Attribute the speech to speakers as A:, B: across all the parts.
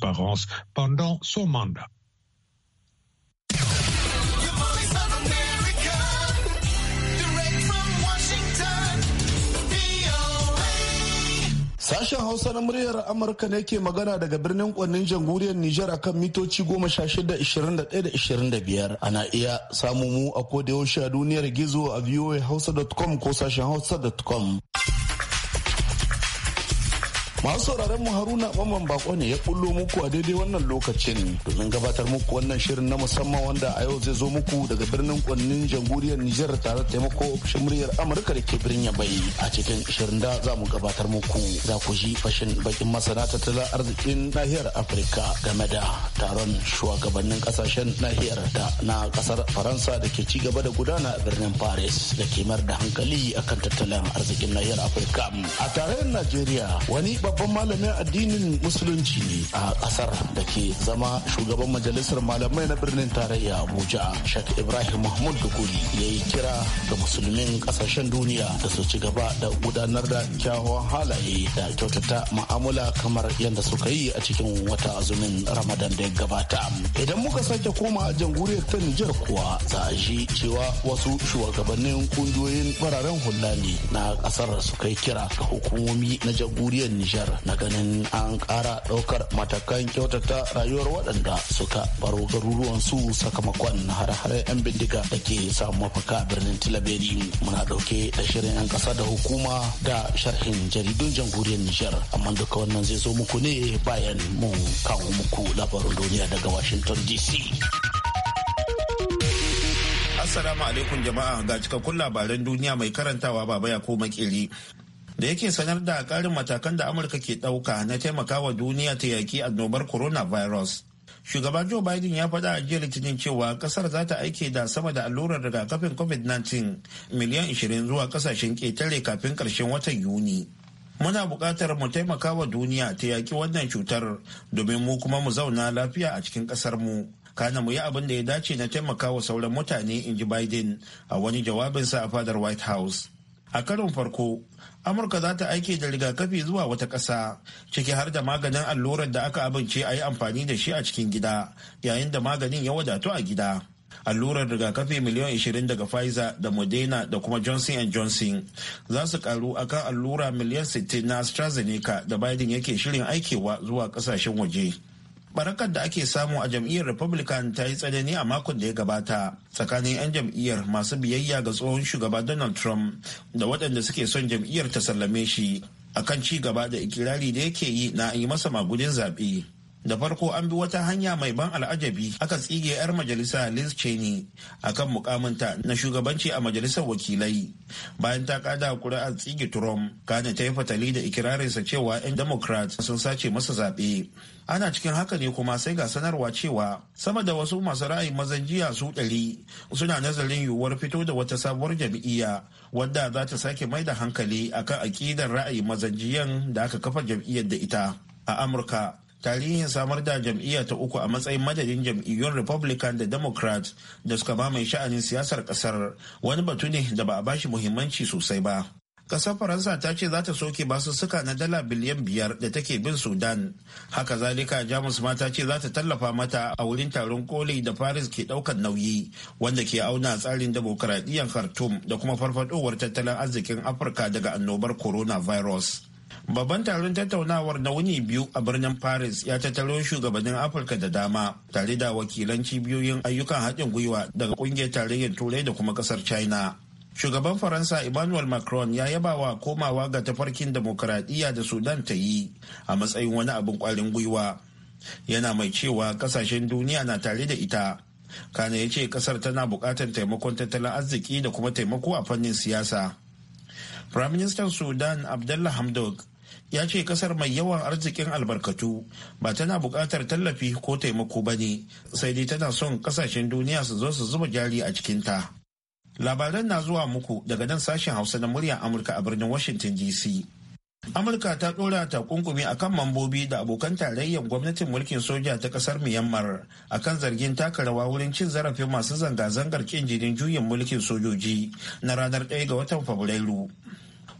A: transparence pendant son mandat.
B: Sashen Hausa na muryar Amurka ne ke magana daga birnin kwannin jamhuriyar Nijar akan mitoci 16-21-25. Ana iya samu mu a kodayaushe a duniyar gizo a voahausa.com ko sashen hausa.com. Masu sauraron mu Haruna bamban Bako ne ya kullo muku a daidai wannan lokacin domin gabatar muku wannan shirin na musamman wanda a yau zai zo muku daga birnin kwannin jamhuriyar Nijar tare da taimako ofishin muryar Amurka da ke birnin Yabai a cikin shirin da za mu gabatar muku za ku ji fashin bakin masana tattalin arzikin nahiyar Afirka game da taron shugabannin kasashen nahiyar da na kasar Faransa da ke ci gaba da gudana a birnin Paris da ke da hankali akan tattalin arzikin nahiyar Afirka. A tarayyar Najeriya wani babban malamin addinin musulunci a kasar da ke zama shugaban majalisar malamai na birnin tarayya abuja shak ibrahim mahmud duguri ya yi kira ga musulmin kasashen duniya da su ci gaba da gudanar da kyawawan halaye da kyautata ma'amula kamar yadda suka yi a cikin wata azumin ramadan da ya gabata idan muka sake koma jamhuriyar ta nijar kuwa za a ji cewa wasu shugabannin kungiyoyin fararen hula ne na kasar suka yi kira ga hukumomi na jamhuriyar nijar Nijar na ganin an kara ɗaukar matakan kyautata rayuwar waɗanda suka baro garuruwansu sakamakon hare-hare 'yan bindiga da ke samu mafaka birnin Tilaberi. Muna ɗauke da shirin 'yan ƙasa da hukuma da sharhin jaridun jamhuriyar Nijar. Amma duka wannan zai zo muku ne bayan mu kawo
C: muku labarin duniya daga Washington DC. Assalamu alaikum jama'a ga cikakkun labaran duniya mai karantawa baba ya ko makeri. da yake sanar da karin matakan da amurka ke ɗauka na taimakawa duniya ta yaki annobar coronavirus shugaba joe biden ya faɗa a jiya litinin cewa ƙasar za ta aike da sama da allurar rigakafin covid-19 miliyan 20 zuwa ƙasashen ƙetare kafin ƙarshen watan yuni muna buƙatar mu taimaka wa duniya ta yaƙi wannan cutar domin mu kuma mu zauna lafiya a cikin ƙasar mu kana mu yi abin da ya dace na taimaka wa sauran mutane in ji biden a wani jawabinsa a fadar white house a karon farko amurka za ta aike da rigakafi zuwa wata ƙasa ciki har da maganin allurar da aka abince a yi amfani da shi a cikin gida yayin da maganin ya wadatu a gida allurar rigakafi miliyan 20 daga pfizer da moderna da kuma johnson johnson za su karu akan allura miliyan 60 na astrazeneca da biden yake shirin aikewa zuwa kasashen waje barakar da ake samu a jam'iyyar republican ta yi tsanani a makon da ya gabata tsakanin 'yan jam'iyyar masu biyayya ga tsohon shugaba donald trump da waɗanda suke son jam'iyyar ta sallame shi akan ci gaba da ikirari da yake yi na yi masa magudin zaɓe da farko an bi wata hanya mai ban al'ajabi aka tsige 'yar majalisa liz cheney akan mukaminta na shugabanci a majalisar wakilai bayan ta kada kuri'ar tsige trump kana ta yi fatali da ikirarinsa cewa 'yan democrat sun sace masa zaɓe ana cikin haka ne kuma sai ga sanarwa cewa sama da wasu masu ra'ayin mazan jiya su ɗari suna nazarin yiwuwar fito da wata sabuwar jam'iyya wadda za ta sake mai da hankali akan aƙidar ra'ayin mazan jiyan da aka kafa jam'iyyar da ita a amurka tarihin samar da jam'iyya ta uku a matsayin madadin jam'iyyun republican da democrat da suka mamaye sha'anin siyasar kasar wani batu ne da ba a bashi muhimmanci sosai ba kasar faransa ta ce za ta soke basussuka na dala biliyan biyar da take bin sudan haka zalika jamus ma ta ce za ta tallafa mata a wurin taron koli da paris ke daukan nauyi wanda ke auna tsarin demokuraɗiyyar khartoum da kuma farfadowar tattalin arzikin afirka daga annobar coronavirus Babban taron tattaunawar na wuni biyu a birnin Paris ya tattaro shugabannin Afirka da dama tare da wakilan cibiyoyin ayyukan haɗin gwiwa daga ƙungiyar tarayyar Turai da kuma ƙasar China. Shugaban Faransa Emmanuel Macron ya yabawa komawa ga tafarkin demokuraɗiyya da Sudan ta yi a matsayin wani abin ƙwarin gwiwa. Yana mai cewa ƙasashen duniya na tare da ita. Kana ya ce ƙasar tana buƙatar taimakon tattalin arziki da kuma taimako a fannin siyasa. Firaministan Sudan Abdullah Hamdok ya ce kasar mai yawan arzikin albarkatu ba tana buƙatar tallafi ko taimako ba ne sai dai tana son kasashen duniya su zo su zuba jari a cikinta labaran na zuwa muku daga nan sashen hausa na muryar amurka a birnin washington dc amurka ta ɗora takunkumi kan mambobi da abokan tarayyar gwamnatin mulkin soja ta ƙasar myanmar akan zargin taka rawa wurin cin zarafin masu zanga-zangar kin jinin juyin mulkin sojoji na ranar 1 ga watan fabrairu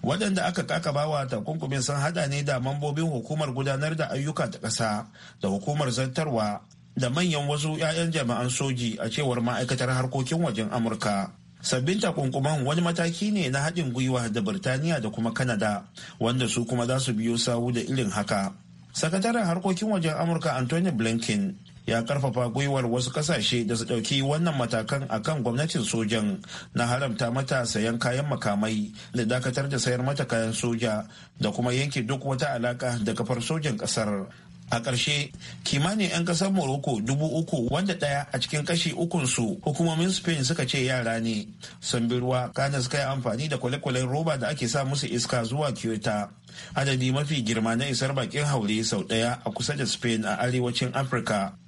C: waɗanda aka bawa takunkumin sun hada ne da mambobin hukumar gudanar da ayyuka ta ƙasa da hukumar zartarwa da manyan wasu 'ya'yan jami'an soji a cewar ma'aikatar harkokin wajen amurka sabbin takunkuman wani mataki ne na haɗin gwiwa da birtaniya da kuma kanada wanda su kuma za su biyo sawu da irin haka sakataren harkokin wajen amurka anthony blinken ya karfafa gwiwar wasu kasashe da su ɗauki wannan matakan a kan gwamnatin sojan na haramta mata sayan kayan makamai da dakatar da sayar mata kayan soja da kuma yanke duk wata alaka da kafar sojan ƙasar a ƙarshe kimanin 'yan ƙasar morocco dubu uku wanda ɗaya a cikin kashi ukunsu hukumomin spain suka ce yara ne sun bi ruwa kana suka yi amfani da kwalekwalen roba da ake sa musu iska zuwa kyoto adadi mafi girma na isar bakin haure sau ɗaya a kusa da spain a arewacin afirka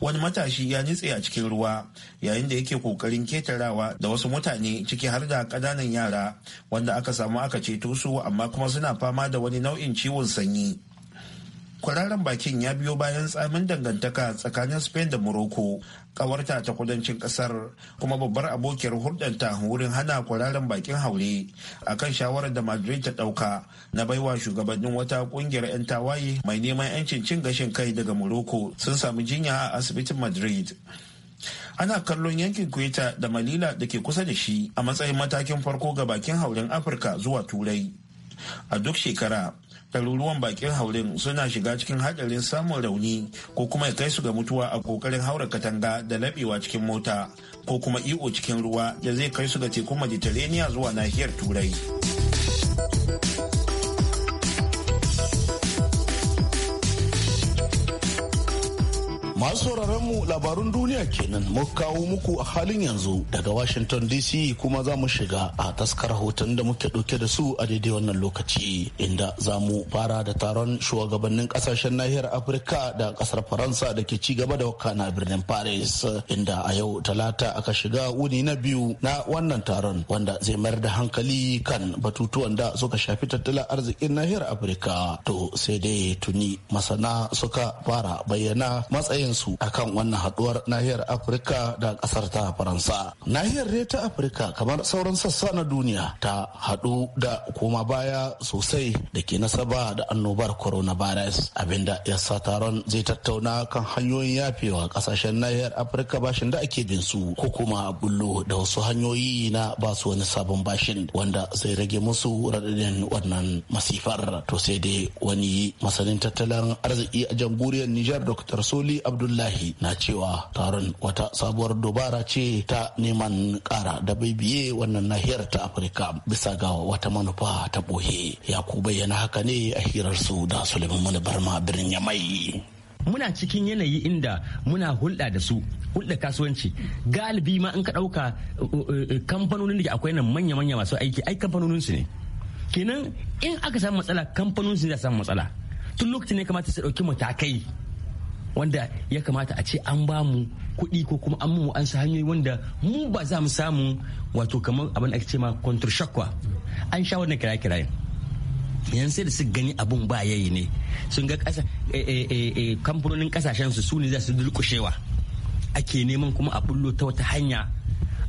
C: wani matashi ya nitse a cikin ruwa yayin da yake kokarin ketarawa da wasu mutane ciki har da ƙananan yara wanda aka samu aka ceto su amma kuma suna fama da wani nau'in ciwon sanyi kwararren bakin ya biyo bayan tsamin dangantaka tsakanin spain da morocco kawarta ta kudancin kasar kuma babbar abokiyar hurdanta wurin hana kwararren bakin haure akan shawarar da madrid ta ɗauka na baiwa shugabannin wata ƙungiyar 'yan tawaye mai neman 'yancin cin gashin kai daga morocco sun samu jinya a asibitin madrid ana kallon yankin kweta da malila da ke kusa da shi a matsayin matakin farko ga bakin hauren afirka zuwa turai a duk shekara ɗaruruwan bakin haurin suna shiga cikin haɗarin samun rauni ko kuma ya kai su ga mutuwa a kokarin haura katanga da laɓewa cikin mota ko kuma iko cikin ruwa da zai kai su ga tekun mediterranean zuwa nahiyar turai.
B: Masu sauraron mu labarun duniya kenan muka kawo muku a halin yanzu daga Washington DC kuma za mu shiga a taskar hoton da muke ɗauke da su a daidai wannan lokaci inda za mu fara da taron shugabannin kasashen nahiyar Afirka da kasar Faransa da ke ci gaba da wakana birnin Paris inda a yau talata aka shiga wuni na biyu na wannan taron wanda zai mayar da hankali kan batutuwan da suka shafi tattalin arzikin nahiyar Afirka to sai dai tuni masana suka fara bayyana matsayin su akan wannan haduwar nahiyar afirka da kasar ta faransa nahiyar ne ta afirka kamar sauran sassa na duniya ta hadu da koma baya sosai da ke nasaba da annobar coronavirus abinda ya sa taron zai tattauna kan hanyoyin yafewa kasashen nahiyar afirka bashin da ake bin su ko kuma bullo da wasu hanyoyi na ba su wani sabon bashin wanda zai rage musu raɗaɗin wannan masifar to sai dai wani masanin tattalin arziki a jamhuriyar nijar dr soli abdullahi na cewa taron wata sabuwar dubara ce ta neman kara da bibiye wannan nahiyar ta afirka bisa ga wata manufa ta bohe ya ku bayyana haka ne a hirar su da suleiman mani barma birnin mai. muna
D: cikin yanayi inda muna hulɗa da su hulɗa kasuwanci galibi ma in ka ɗauka eh, eh, kamfanonin da ke akwai nan manya-manya masu aiki ai kamfanonin su ne kenan in aka samu matsala kamfanonin su ne za samu matsala tun lokacin ne kamata su ɗauki matakai wanda ya kamata a ce an ba mu kuɗi ko kuma an mu an hanyoyi wanda mu ba za mu samu wato kamar abin da ake ce ma kontur shakwa an sha wannan kira kira yanzu sai da su gani abun ba yayi ne sun ga eh, eh, eh, kamfanonin kasashen su su ne za su durkushewa ake neman kuma a bullo ta wata hanya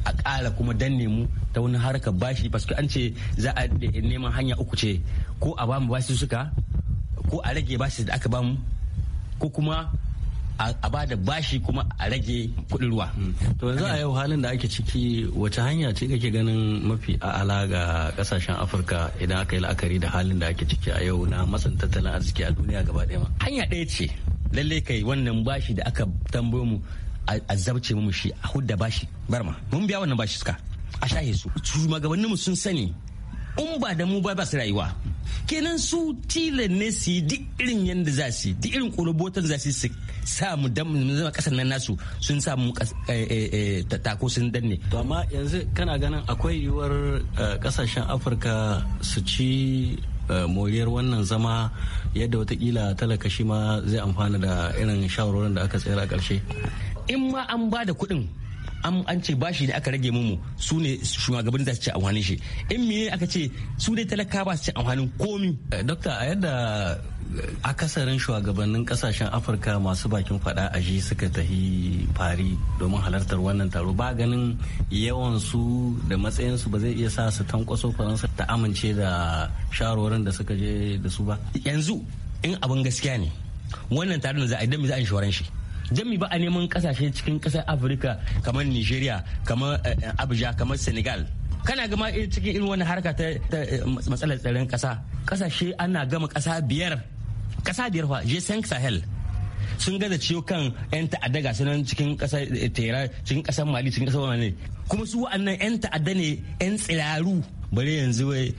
D: a ƙara kuma danne mu ta wani harkar bashi paske an ce za a neman hanya uku ce ko a bamu bashi suka ko a rage bashi da aka bamu ko kuma a ba da bashi kuma a rage kuɗin ruwa. Mm.
E: To yanzu a yau halin da ake ciki wace hanya ce kake ganin mafi a'ala ga kasashen Afirka idan aka yi la'akari da halin da ake ciki a yau na matsan tattalin arziki a duniya gaba ɗaya ma. Hanya ɗaya ce lallai kai
D: wannan bashi da aka tambayo mu a zabce mu shi a hudda bashi barma mun biya wannan bashi suka a shahe su shugabanninmu sun sani in ba da mu ba ba su rayuwa kenan su tilan ne su yi duk irin yadda za su yi duk irin kolobotan za su yi sa mu zama kasar nan nasu sun sa mu eh, eh, eh, tako sun danne to
E: amma yanzu kana ganin akwai yiwuwar kasashen afirka su ci moriyar wannan zama yadda watakila talaka shi ma zai amfana da irin shawarorin da aka tsira a ƙarshe in ma
D: an ba da kuɗin
E: an ce bashi ne aka
D: rage mumu su ne shugabanni za su ci amfanin shi in me aka ce su dai talaka ba su ci amfanin
E: komi eh, dokta a yadda eh, akasarin shugabannin kasashen afirka masu bakin fada a ji suka tafi fari domin halartar wannan taro ba ganin su da matsayinsu ba zai iya sa su tankwaso faransa ta amince da shawarwarin da suka je da su ba yanzu in abin gaskiya ne wannan taron da za a yi don za
D: a yi shi jami ba a neman kasashe cikin kasar afirka kamar nigeria kamar eh, abuja kamar senegal kana gama cikin irin wani harka ta eh, matsalar tsaron kasa kasashe ana gama kasa biyar kasa biyar fa je 5 sahel sun gaza ciwo kan 'yan ta'adda ga sunan cikin kasar eh, tera cikin kasar mali cikin kasar mali kuma su wa'annan 'yan ta'adda ne 'yan tsiraru bare yanzu wai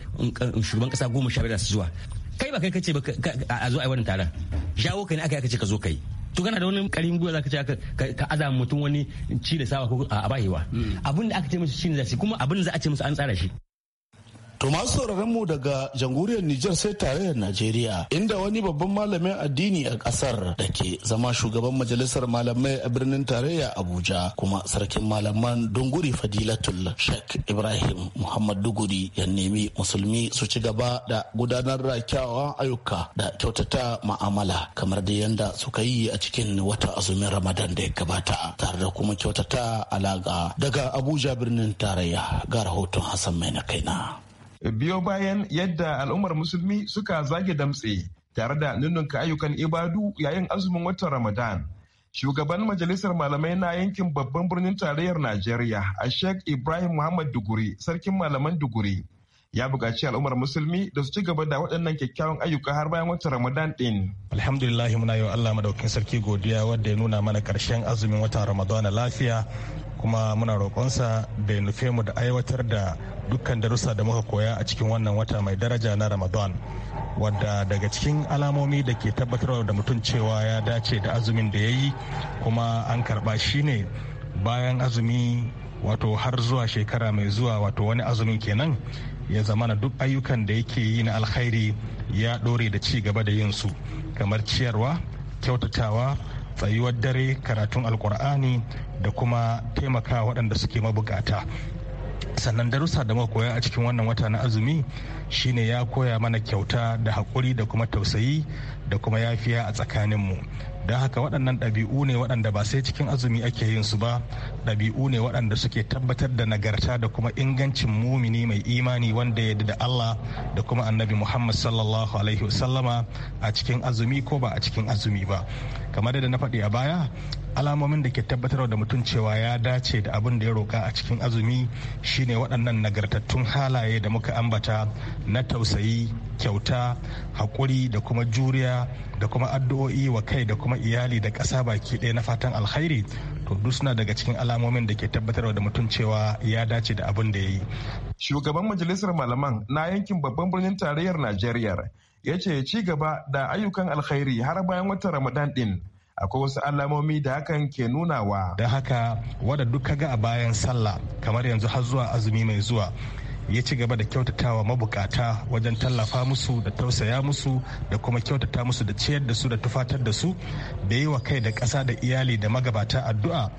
D: shugaban kasa goma sha biyar su zuwa kai ba kai kace ba a zo a yi wannan taron jawo ka ne aka yi aka ce ka zo kai to kana da wani karin gwiwa zaka ce ka aza mutum wani ci da sawa ko a bahewa hmm. abin da aka ce musu shine za kuma abin da za a ce musu an tsara shi
B: To masu mu daga jamhuriyar Nijar sai tarayyar Najeriya inda wani babban malamin addini a kasar da ke zama shugaban majalisar malamai a birnin tarayya Abuja kuma sarkin malaman Dunguri Fadilatul Sheikh Ibrahim Muhammad Duguri ya nemi musulmi su ci gaba da gudanar da kyawawan ayyuka da kyautata ma'amala kamar da yanda suka yi a cikin wata azumin Ramadan da ya gabata tare da kuma kyautata alaka daga Abuja birnin tarayya ga rahoton Hassan Maina kaina. biyo bayan
A: yadda al'ummar musulmi suka zage damtse tare da ka ayyukan ibadu yayin azumin watan ramadan shugaban majalisar malamai na yankin babban birnin tarayyar najeriya a sheikh ibrahim muhammad duguri sarkin malaman duguri ya buƙaci al'ummar musulmi da su ci gaba da waɗannan kyakkyawan ayyuka har bayan watan ramadan ɗin.
F: alhamdulillah muna yi wa allah madaukin sarki godiya wadda ya nuna mana karshen azumin watan ramadan lafiya kuma muna roƙonsa da ya nufe mu da aiwatar da dukkan darussa da muka koya a cikin wannan wata mai daraja na ramadan wadda daga cikin alamomi da ke tabbatarwa da mutum cewa ya dace da azumin da ya yi kuma an karɓa shi ne. bayan azumi wato har zuwa shekara mai zuwa wato wani azumin kenan ya na duk ayyukan da yake yi na alkhairi ya ɗore da ci gaba da yin su kamar ciyarwa kyautatawa tsayuwar dare karatun alkur'ani da kuma taimaka waɗanda suke mabukata sannan darussa da muka koya a cikin wannan wata na azumi shine ya koya mana kyauta da haƙuri da kuma tausayi da kuma yafiya a tsakaninmu don haka waɗannan ɗabi'u ne waɗanda ba sai cikin azumi ake yin su ba ɗabi'u ne waɗanda suke tabbatar da nagarta da kuma ingancin mumini mai imani wanda ya da Allah da kuma annabi Muhammad sallallahu alaihi wasallama a cikin azumi ko ba a cikin azumi ba kamar da na faɗi a baya alamomin da ke tabbatar da mutum cewa ya dace da abin da ya roka a cikin azumi shine waɗannan nagartattun halaye da muka ambata na tausayi kyauta haƙuri da kuma juriya da kuma addu'o'i wa kai da kuma iyali da ƙasa baki ɗaya na fatan alkhairi to duk suna daga cikin alamomin da ke tabbatar da mutum cewa ya dace da abin da ya yi. shugaban majalisar malaman na yankin babban birnin tarayyar
A: najeriya ya ce ya ci gaba da ayyukan alkhairi har bayan watan ramadan ɗin akwai wasu alamomi da hakan ke nunawa.
F: da haka wadda duk kaga a bayan sallah kamar yanzu har zuwa azumi mai zuwa ya ci gaba da wa mabukata wajen tallafa musu da tausaya musu da kuma kyautata musu da ciyar da su da tufatar da su da yi wa kai da ƙasa da iyali da magabata addu'a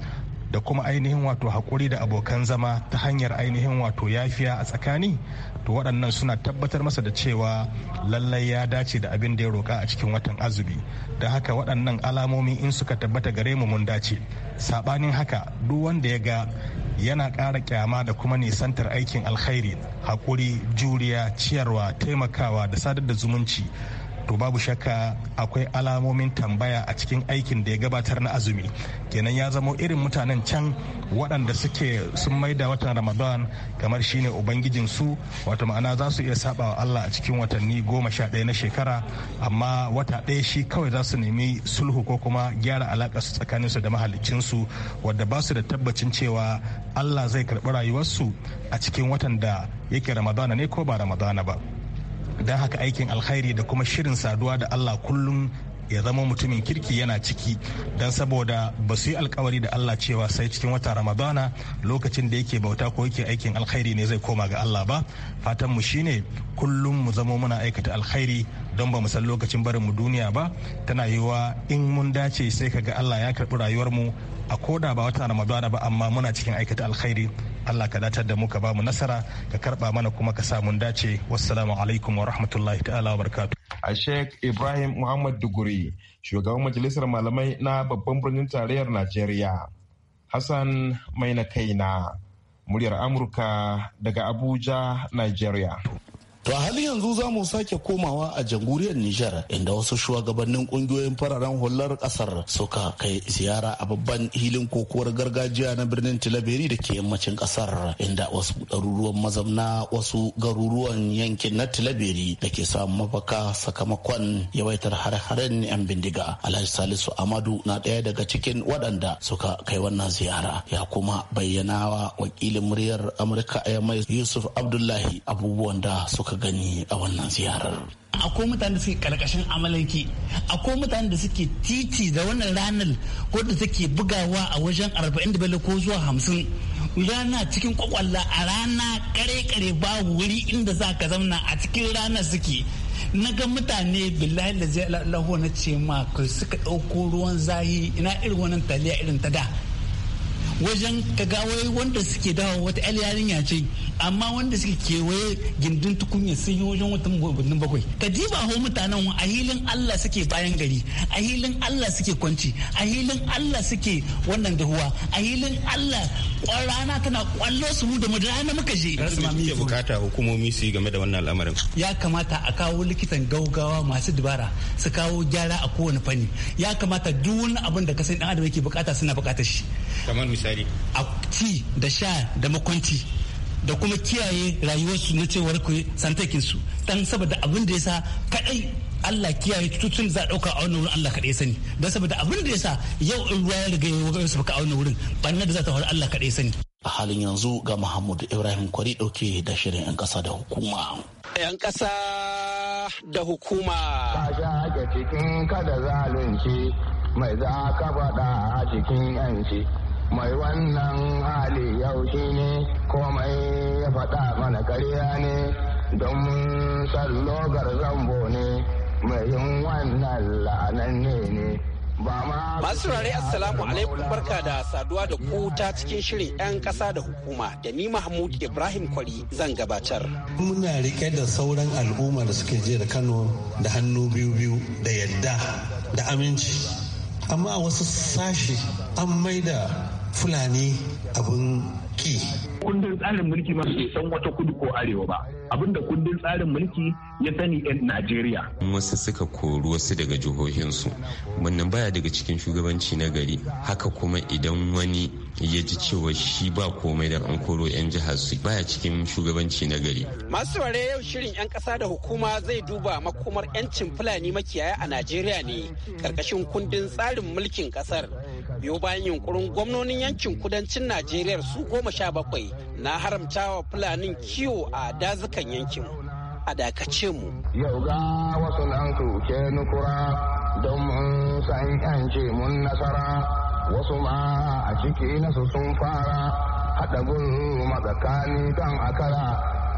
F: da kuma ainihin wato hakuri da abokan zama ta hanyar ainihin wato yafiya a tsakani to waɗannan suna tabbatar masa da cewa lallai ya dace da abin da ya roƙa a cikin watan azumi da haka waɗannan alamomi in suka tabbata gare mu mun dace saɓanin haka duk wanda ya ga yana ƙara kyama da kuma nisantar aikin alkhairi haƙuri juriya ciyarwa taimakawa da sadar da zumunci to babu shakka akwai alamomin tambaya a cikin aikin da ya gabatar na azumi kenan ya zamo irin mutanen can waɗanda suke sun da watan ramadan kamar shine ubangijin su wata ma'ana za su iya saba wa allah a cikin watanni goma sha ɗaya na shekara amma wata ɗaya shi kawai za su nemi sulhu ko kuma gyara alaƙa su tsakanin su da mahalicin su wadda ba su da tabbacin cewa allah zai karɓi rayuwarsu a cikin watan da yake ramadana ne ko ba ramadana ba don haka aikin alkhairi da kuma shirin saduwa da allah kullum ya zama mutumin kirki yana ciki don saboda ba su yi alkawari da Allah cewa sai cikin wata ramadana lokacin da yake bauta ko yake aikin alkhairi ne zai koma ga Allah ba fatan mu shine kullum mu zamo muna aikata alkhairi don ba mu san lokacin barin mu duniya ba tana yiwuwa in mun dace sai ka ga Allah ya karɓi rayuwar mu a koda ba wata ramadana ba amma muna cikin aikata alkhairi Allah ka datar da mu ka ba mu nasara ka karba mana kuma ka sa dace wassalamu alaikum wa rahmatullahi ta'ala wa barakatu
A: a Sheikh Ibrahim Muhammad Duguri shugaban majalisar malamai na babban birnin tarayyar Najeriya Hassan Maina Kaina muryar Amurka daga Abuja nigeria.
B: To a halin yanzu za mu sake komawa a jamhuriyar Nijar inda wasu shugabannin kungiyoyin fararen hular kasar suka kai ziyara a babban hilin kokowar gargajiya na birnin Tilaberi da ke yammacin kasar inda wasu ɗaruruwan mazamna wasu garuruwan yankin na Tilaberi da ke samun mafaka sakamakon yawaitar hare-haren 'yan bindiga. Alhaji Salisu Amadu na ɗaya daga cikin waɗanda suka kai wannan ziyara ya kuma bayyana wa wakilin muryar Amurka a Yusuf Abdullahi abubuwan da suka gani a wannan ziyarar
G: akwai mutane da suke karkashin amalanki akwai mutane da suke titi da wannan ranar ko da take bugawa a wajen 45 ko zuwa hamsin. rana cikin kwakwalla a rana kare-kare ba wuri inda za ka zamna a cikin ranar suke na ga mutane billahi da zai lahuwa na ce ma suka ɗauko ruwan zahi ina irin wannan taliya irin ta da wajen wai wanda suke dawo wata yar yarinya ce amma wanda suke kewaye gindin tukunya sun yi wajen watan bakwai ka diba ho mutanen a hilin Allah suke bayan gari a hilin Allah suke kwanci a hilin Allah suke wannan dahuwa a hilin Allah kwan rana tana kwallo su mu da mu
F: rana muka je ke bukata hukumomi su yi game da wannan al'amarin
G: ya kamata a kawo likitan gaugawa masu dubara su kawo gyara a kowane fanni ya kamata duk wani abin da kasan dan adam yake bukata suna bukatar shi
H: kamar misali
G: a ci da sha da makwanci da kuma kiyaye rayuwarsu na cewar ku santakin su dan saboda abin da ya sa kadai Allah kiyaye tutun za a dauka a wannan wurin Allah kaɗai sani don saboda abin da yasa yau in ruwa ya riga ya su baka a wannan wurin na da za ta faru Allah kaɗai sani.
B: a halin yanzu ga Muhammadu Ibrahim Kwari dauke da shirin 'yan ƙasa da hukuma.
I: 'Yan ƙasa da hukuma. Ka ake cikin kada zalunci mai za ka faɗa a cikin 'yanci. Mai wannan hali yau shi ne komai ya faɗa mana karya ne don sallogar zambo ne. mai yin wannan la'ananne ne Masu
J: rare Assalamu alaikum barka da saduwa da ku ta cikin shirin 'yan ƙasa da hukuma da ni Mahmud Ibrahim Kwari zan gabatar.
K: Muna rike da sauran al'umma da suke je da Kano da hannu biyu biyu da yadda da aminci. Amma a wasu
L: sashi an maida Fulani abin ki kundin tsarin mulki ma bai san wata kudu ko arewa ba abinda kundin tsarin mulki ya sani yan najeriya
H: wasu suka kori wasu daga jihohinsu wannan baya daga cikin shugabanci na gari haka kuma idan wani ya ji cewa shi ba komai da an koro yan jihar su baya cikin shugabanci na gari
J: masu ware yau shirin yan kasa da hukuma zai duba makomar yancin fulani makiyaya a najeriya ne karkashin kundin tsarin mulkin kasar biyo bayan yunkurin gwamnonin yankin kudancin najeriya su goma sha bakwai na haramtawa fulanin kiwo a dazukan yankin a dakace mu yau
I: ga wasu nan ke nukura don mun san yance mun nasara wasu ma a ciki nasu sun fara haɗa gulu matsakani kan akara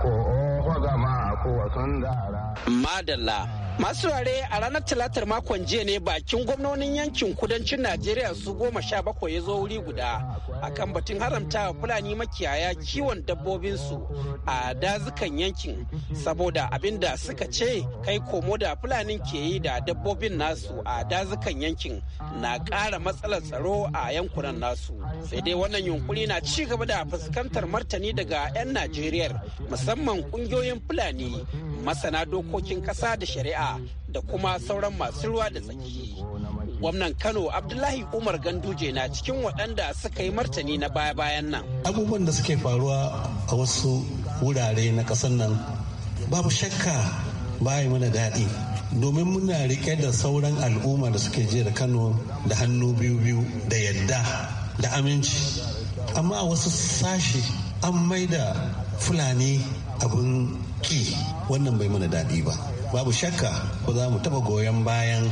I: ko ofa gama ko wasan dara
J: madalla masu rare a ranar talatar makon jiya ne bakin gwamnonin yankin kudancin najeriya su goma sha bakwai ya zo wuri guda akan batun haramta fulani makiyaya kiwon dabbobinsu a dazukan yankin saboda abin da suka ce kai komo da fulanin ke yi da dabbobin nasu a dazukan yankin na ƙara matsalar tsaro a yankunan nasu sai dai wannan yunkuri na ci gaba da fuskantar martani daga 'yan najeriya musamman ƙungiyoyin fulani masana dokokin ƙasa da shari'a da kuma sauran masu ruwa da tsaki. Gwamnan Kano Abdullahi Umar Ganduje na cikin waɗanda suka yi martani na baya-bayan nan. Abubuwan da suke faruwa
K: a wasu wurare na ƙasar nan babu shakka baya mana daɗi domin muna riƙe da sauran al'umma da suke je da Kano da hannu biyu-biyu da yadda da aminci. Amma a wasu sashi an maida Fulani abin ki wannan bai mana daɗi ba. babu shakka ba za mu taɓa goyon bayan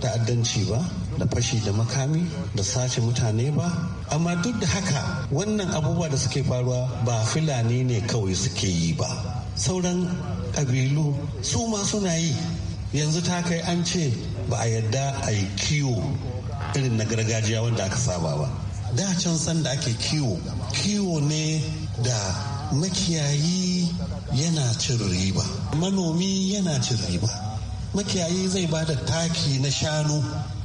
K: ta'addanci ba da fashi da makami da sace mutane ba amma duk da haka wannan abubuwa da suke faruwa ba fulani ne kawai suke yi ba sauran ƙabilu su ma suna yi yanzu ta kai an ce ba a yarda a yi kiwo irin na gargajiya wanda aka saba ba da can san da ake kiwo kiwo ne da makiyayi yana cin riba manomi yana cin riba makiyayi zai ba da taki na shanu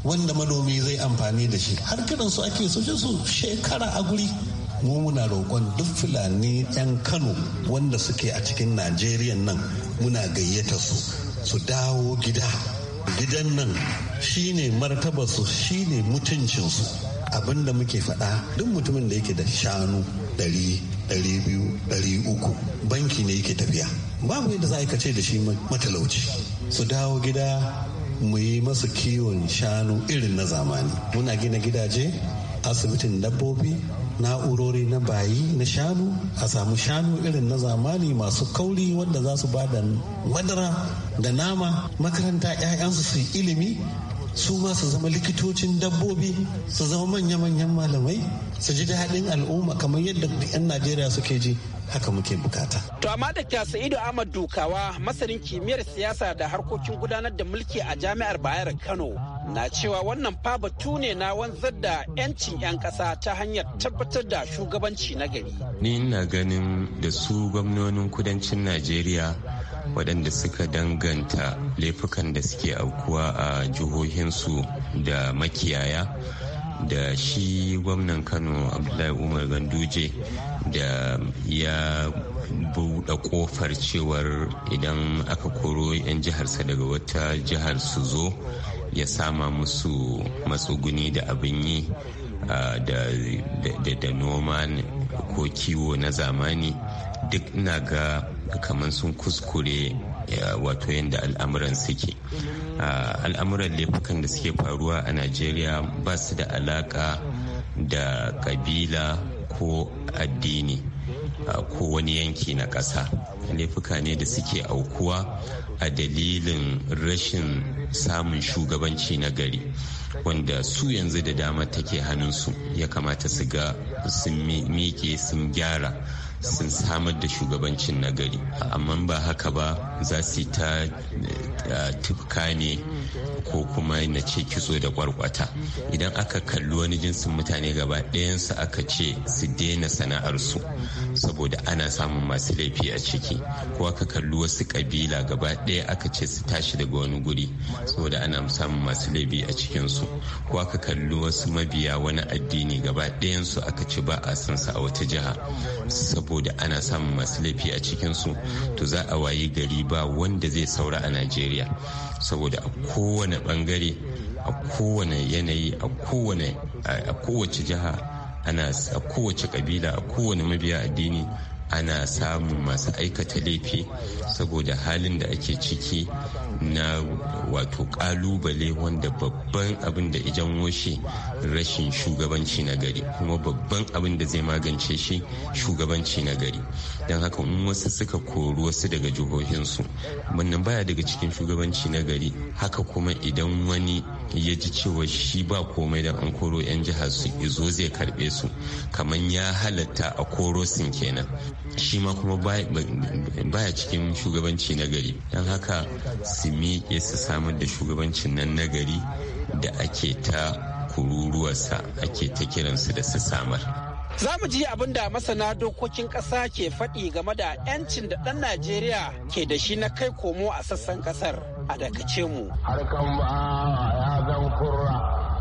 K: wanda manomi zai amfani da shi har kiran su ake soje su shekara a guri mu muna roƙon duk fulani 'yan kano wanda suke a cikin najeriya nan muna gayyata su su dawo gida gidan nan shine martabarsu shine mutuncinsu abinda muke faɗa duk mutumin da yake da shanu ɗari banki ne yake tafiya babu yadda za a ce da shi matalauci su dawo gida mu yi masu kiwon shanu irin na zamani muna gina gidaje asibitin dabbobi na'urori na bayi na shanu a samu shanu irin na zamani masu kauri wanda za su ba da madara da nama makaranta 'ya'yansu su ilimi su ma su zama likitocin dabbobi su zama manya-manyan malamai su ji daɗin al'umma kamar yadda 'yan najeriya suke ji haka muke bukata.
J: To amma da Dr. Sa'idu Ahmad Dukawa masanin kimiyyar siyasa da harkokin gudanar da mulki a Jami'ar Bayar Kano na cewa wannan fa batu ne na wanzar da 'yancin 'yan ƙasa ta hanyar tabbatar da shugabanci na gari.
H: Ni ina ganin da su gwamnonin kudancin Najeriya waɗanda suka danganta laifukan da suke aukuwa a jihohinsu da makiyaya da shi gwamnan kano abdullahi umar ganduje da ya buɗe ƙofar cewar idan aka koro 'yan jiharsa daga wata jihar su zo ya sama musu matsuguni da abin yi da noma ko kiwo na zamani duk na ga kamar sun kuskure wato yadda al'amuran suke al'amuran laifukan da suke faruwa a najeriya ba su da alaka da kabila ko addini ko wani yanki na ƙasa laifuka ne da suke aukuwa a dalilin rashin samun shugabanci na gari wanda su yanzu da dama take hannunsu ya kamata su ga sun miƙe sun gyara sun samar da shugabancin nagari amma ba haka ba za su ta eh, tufka ne ko kuma na ce kitso da kwarkwata idan aka kalli wani jinsin mutane gaba ɗayansu aka ce su daina sana'arsu saboda ana samun masu laifi a ciki ko aka kalli wasu ƙabila gaba ɗaya aka ce su tashi daga wani guri saboda ana samun masu laifi a cikinsu ko aka kalli wasu mabiya wani addini gaba ɗayansu aka ce ba a san su a wata jiha saboda ana samun masu laifi a cikinsu to za a wayi gari ba wanda zai saura a najeriya saboda a kowane bangare a kowane yanayi a kowace jiha ana a kowace kabila a kowane mabiya addini ana samun masu aikata laifi saboda halin da ake ciki na wato kalubale wanda babban abin da ijan washe rashin shugabanci na gari kuma babban abin da zai magance shi shugabanci na gari don haka in wasu suka kori wasu daga jihohinsu wannan baya daga cikin shugabanci na gari haka kuma idan wani ya ji cewa shi ba komai da an koro 'yan jihar su izo zai karbe su kamar ya halatta a koro sun kenan shi ma kuma baya cikin shugabanci na gari don haka su miƙe su samar da shugabancin nan nagari da ake ta kururuwarsa ake ta kiransu da su samar.
J: Za mu ji abin da masana dokokin ƙasa ke faɗi game da 'yancin da ɗan Najeriya ke da shi na kai komo a sassan ƙasar
I: a dakace mu. harkar ba ya zan kurra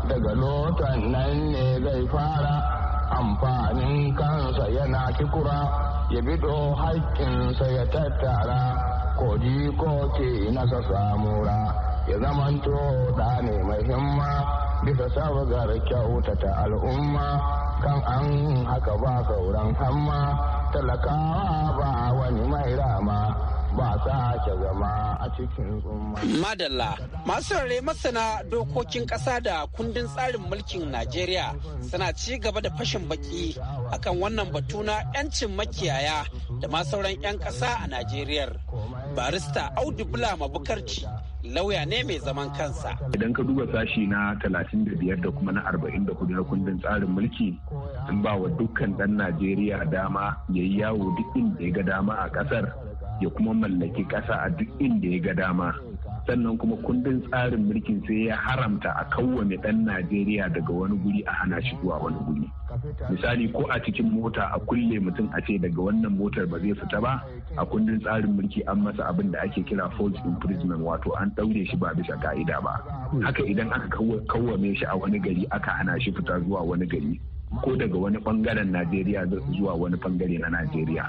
I: daga lotan nan ne zai fara amfanin kansa yana kikura ya bido haƙƙinsa ya tattara. kodi ko ce nasa samura ya zamanto da ne mai himma bisa sabgar kyautata al'umma kan an haka ba sauran hamma talakawa ba wani mai rama ba ke zama a cikin
J: Madalla, masu rare masana dokokin ƙasa da kundin tsarin mulkin Najeriya suna ci gaba da fashin baki akan wannan batu na 'yancin makiyaya da ma sauran 'yan ƙasa a Najeriya. Barista Audu Bula Mabukarci lauya ne mai zaman kansa.
L: Idan ka duba sashi na 35 da kuma na da kudin kundin tsarin mulki in ba wa dukkan ɗan Najeriya dama ya yi yawo duk inda ya ga dama a ƙasar ya kuma mallaki ƙasa a duk inda ya ga dama sannan kuma kundin tsarin mulkin sai ya haramta a kawwame ɗan najeriya daga wani guri a hana shi zuwa wani guri misali ko a cikin mota a kulle mutum a ce daga wannan motar ba zai fita ba a kundin tsarin mulki an masa abin da ake kira false imprisonment wato an ɗaure shi ba bisa ka'ida ba haka idan aka kawwame shi a wani gari aka hana shi fita zuwa wani gari ko daga wani bangaren najeriya zuwa wani bangare na najeriya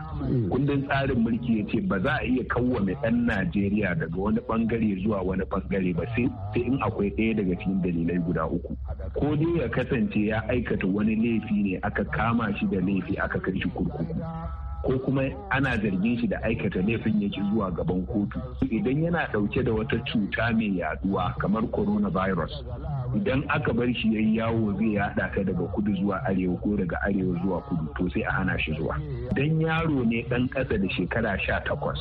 L: kundin tsarin mulki ya ce ba za a iya kawwame ɗan najeriya daga wani bangare zuwa wani bangare ba sai in akwai ɗaya daga cikin dalilai guda uku ko dai ya kasance ya aikata wani laifi ne aka kama shi da laifi aka kai shi kurkuku ko kuma ana zargin shi da aikata laifin yake zuwa gaban kotu idan yana dauke da wata cuta mai yaduwa kamar coronavirus idan aka bar shi yayi yawo zai yada ta daga kudu zuwa arewa ko daga arewa zuwa kudu to sai a hana shi zuwa dan yaro ne dan kasa da shekara sha takwas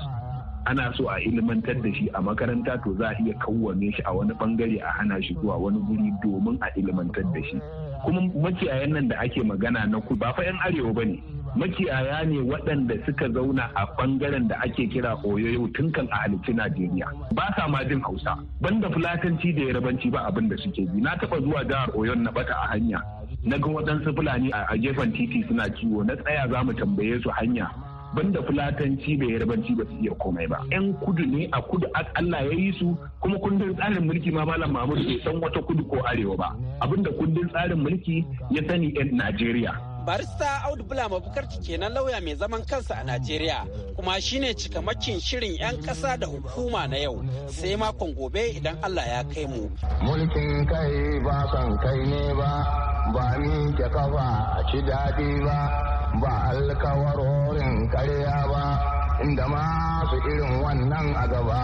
L: ana so a ilmantar da shi a makaranta to za a iya kawwame shi a wani bangare a hana shi zuwa wani guri domin a ilmantar da shi kuma makiyayan nan da ake magana na ku ba fa yan arewa bane makiyaya ne waɗanda suka zauna a ɓangaren da ake kira oyoyo tun kan a halittu najeriya ba sa ma jin hausa banda fulatanci da yarabanci ba abin da suke bi. na taɓa zuwa jihar Oyo na bata a hanya na ga waɗansu fulani a gefen titi suna ciwo na tsaya za mu tambaye su hanya banda fulatanci da yarabanci ba su iya komai ba yan kudu ne a kudu Allah ya yi su kuma kundin tsarin mulki ma malam Mahmud bai san wata kudu ko arewa ba abinda kundin tsarin mulki ya sani yan Najeriya
J: barista audu bula mabukarci kenan lauya mai zaman kansa a najeriya kuma shine cikamakin shirin 'yan ƙasa da hukuma na yau sai makon
I: gobe idan allah ya kai mu mulkin kai ba kan kai ne ba ba ni ke kafa a ci daɗi ba ba alkawarorin karya ba inda masu irin wannan a gaba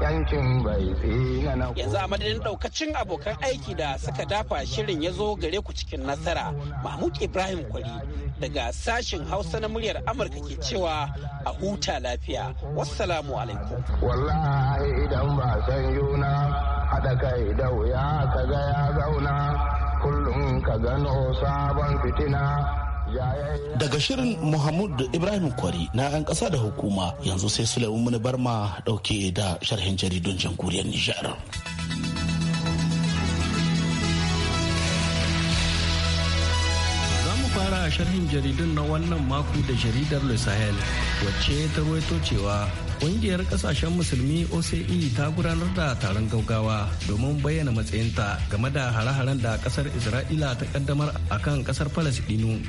I: yankin bai tsinana yanzu
J: a madadin daukacin abokan aiki da suka dafa shirin ya zo gare ku cikin nasara mahmud ibrahim kwari daga sashin hausa na muryar amurka ke cewa a huta lafiya wassalamu alaikum
I: wallahi idan ba san yuna haɗa kai da wuya kaga ya zauna kullum ka gano sabon fitina Daga shirin Muhammad Ibrahim Kwari
B: na 'yan ƙasa da hukuma yanzu sai Sulaiman Barma ɗauke da sharhin jaridun jamhuriyar Nijar.
E: sharhin jaridun na wannan mako da jaridar Le Sahel wacce ta ruwaito cewa Ƙungiyar ƙasashen musulmi OCE ta gudanar da taron gaugawa domin bayyana matsayinta game da hare-haren da ƙasar Isra'ila ta kaddamar akan kan ƙasar Falasɗinu.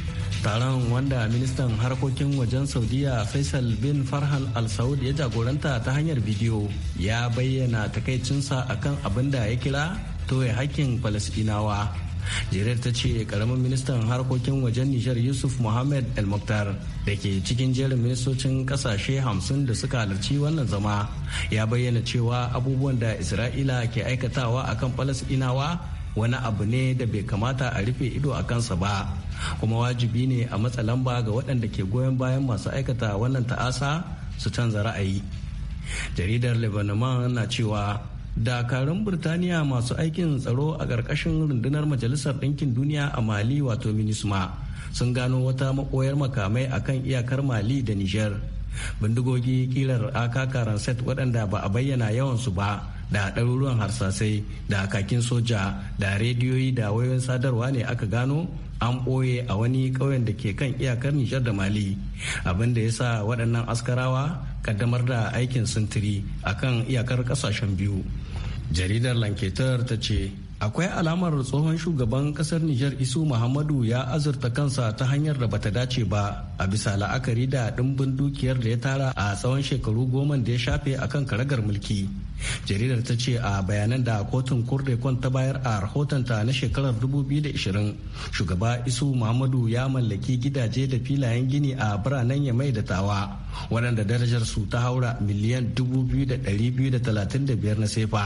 E: Taron wanda ministan harkokin wajen Saudiya Faisal bin Farhan Al Saud ya jagoranta ta hanyar bidiyo ya bayyana takaicinsa akan abin da ya kira toye hakkin Falasɗinawa. jirar ta ce karamin ministan harkokin wajen nijar yusuf mohamed el muktar da ke cikin jerin ministocin kasashe hamsin da suka halarci wannan zama ya bayyana cewa abubuwan da isra'ila ke aikatawa akan falasɗinawa wani abu ne da bai kamata a rufe ido a kansa ba kuma wajibi ne a matsa lamba ga waɗanda ke goyon bayan masu aikata wannan ta'asa su canza ra'ayi jaridar lebanon na cewa dakarun birtaniya masu aikin tsaro a ƙarƙashin rundunar majalisar ɗinkin duniya a mali wato minisma sun gano wata makoyar makamai akan iyakar mali da niger bindigogi kilar akakaran set waɗanda ba a bayyana yawansu ba da ɗaruruwan harsasai da kakin soja da rediyoyi da wayoyin sadarwa ne aka gano an ɓoye a wani ƙauyen da ke kan iyakar nijar da mali abin da ya sa waɗannan askarawa kaddamar da aikin sintiri a kan iyakar kasashen biyu jaridar lanketar ta ce akwai alamar tsohon shugaban kasar nijar isu muhammadu ya azurta kansa ta hanyar da bata dace ba a bisa la'akari da dimbin dukiyar da ya tara a tsawon shekaru goma da ya shafe akan karagar mulki jaridar ta ce a bayanan da kotun kwan ta bayar a rahotonta na shekarar 2020 shugaba isu muhammadu ya mallaki gidaje da filayen gini a biranen mai da tawa waɗanda darajar su ta haura miliyan 2,235 na sefa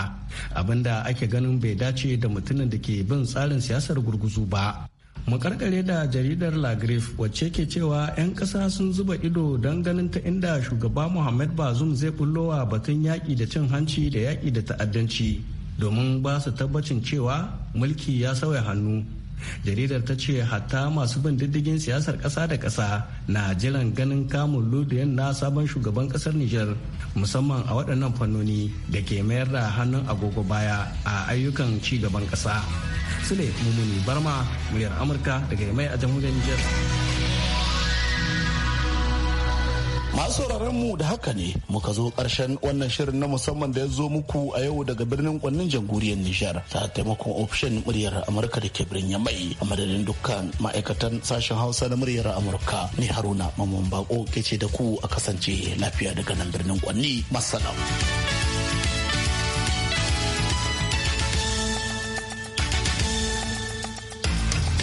E: abinda ake ganin bai dace da mutumin da ke bin tsarin siyasar gurguzu ba makarkare da jaridar lagrif wacce ke cewa 'yan kasa sun zuba ido don ganin ta inda shugaba muhammad bazum zai bullowa batun yaƙi da cin hanci da yaƙi da ta'addanci domin ba su tabbacin cewa mulki ya sauya hannu jaridar ta ce hatta masu bin diddigin siyasar ƙasa da ƙasa na jiran ganin kamun ludiyan na sabon shugaban ƙasar nijar. musamman a waɗannan fannoni da ke mayar da hannun agogo baya a ayyukan ci gaban ƙasa. Sule Mumuni Barma, muryar Amurka daga mai a jamhuriyar Nijar.
B: Masu mu da haka ne muka zo ƙarshen wannan shirin na musamman da ya zo muku a yau daga birnin kwannin jamhuriyar Nijar ta taimakon ofishin muryar Amurka da ke birnin mai a madadin dukkan ma'aikatan sashen Hausa na muryar Amurka ne Haruna Mamman Bako ke ce da ku a kasance lafiya daga nan birnin kwanni. Masalam.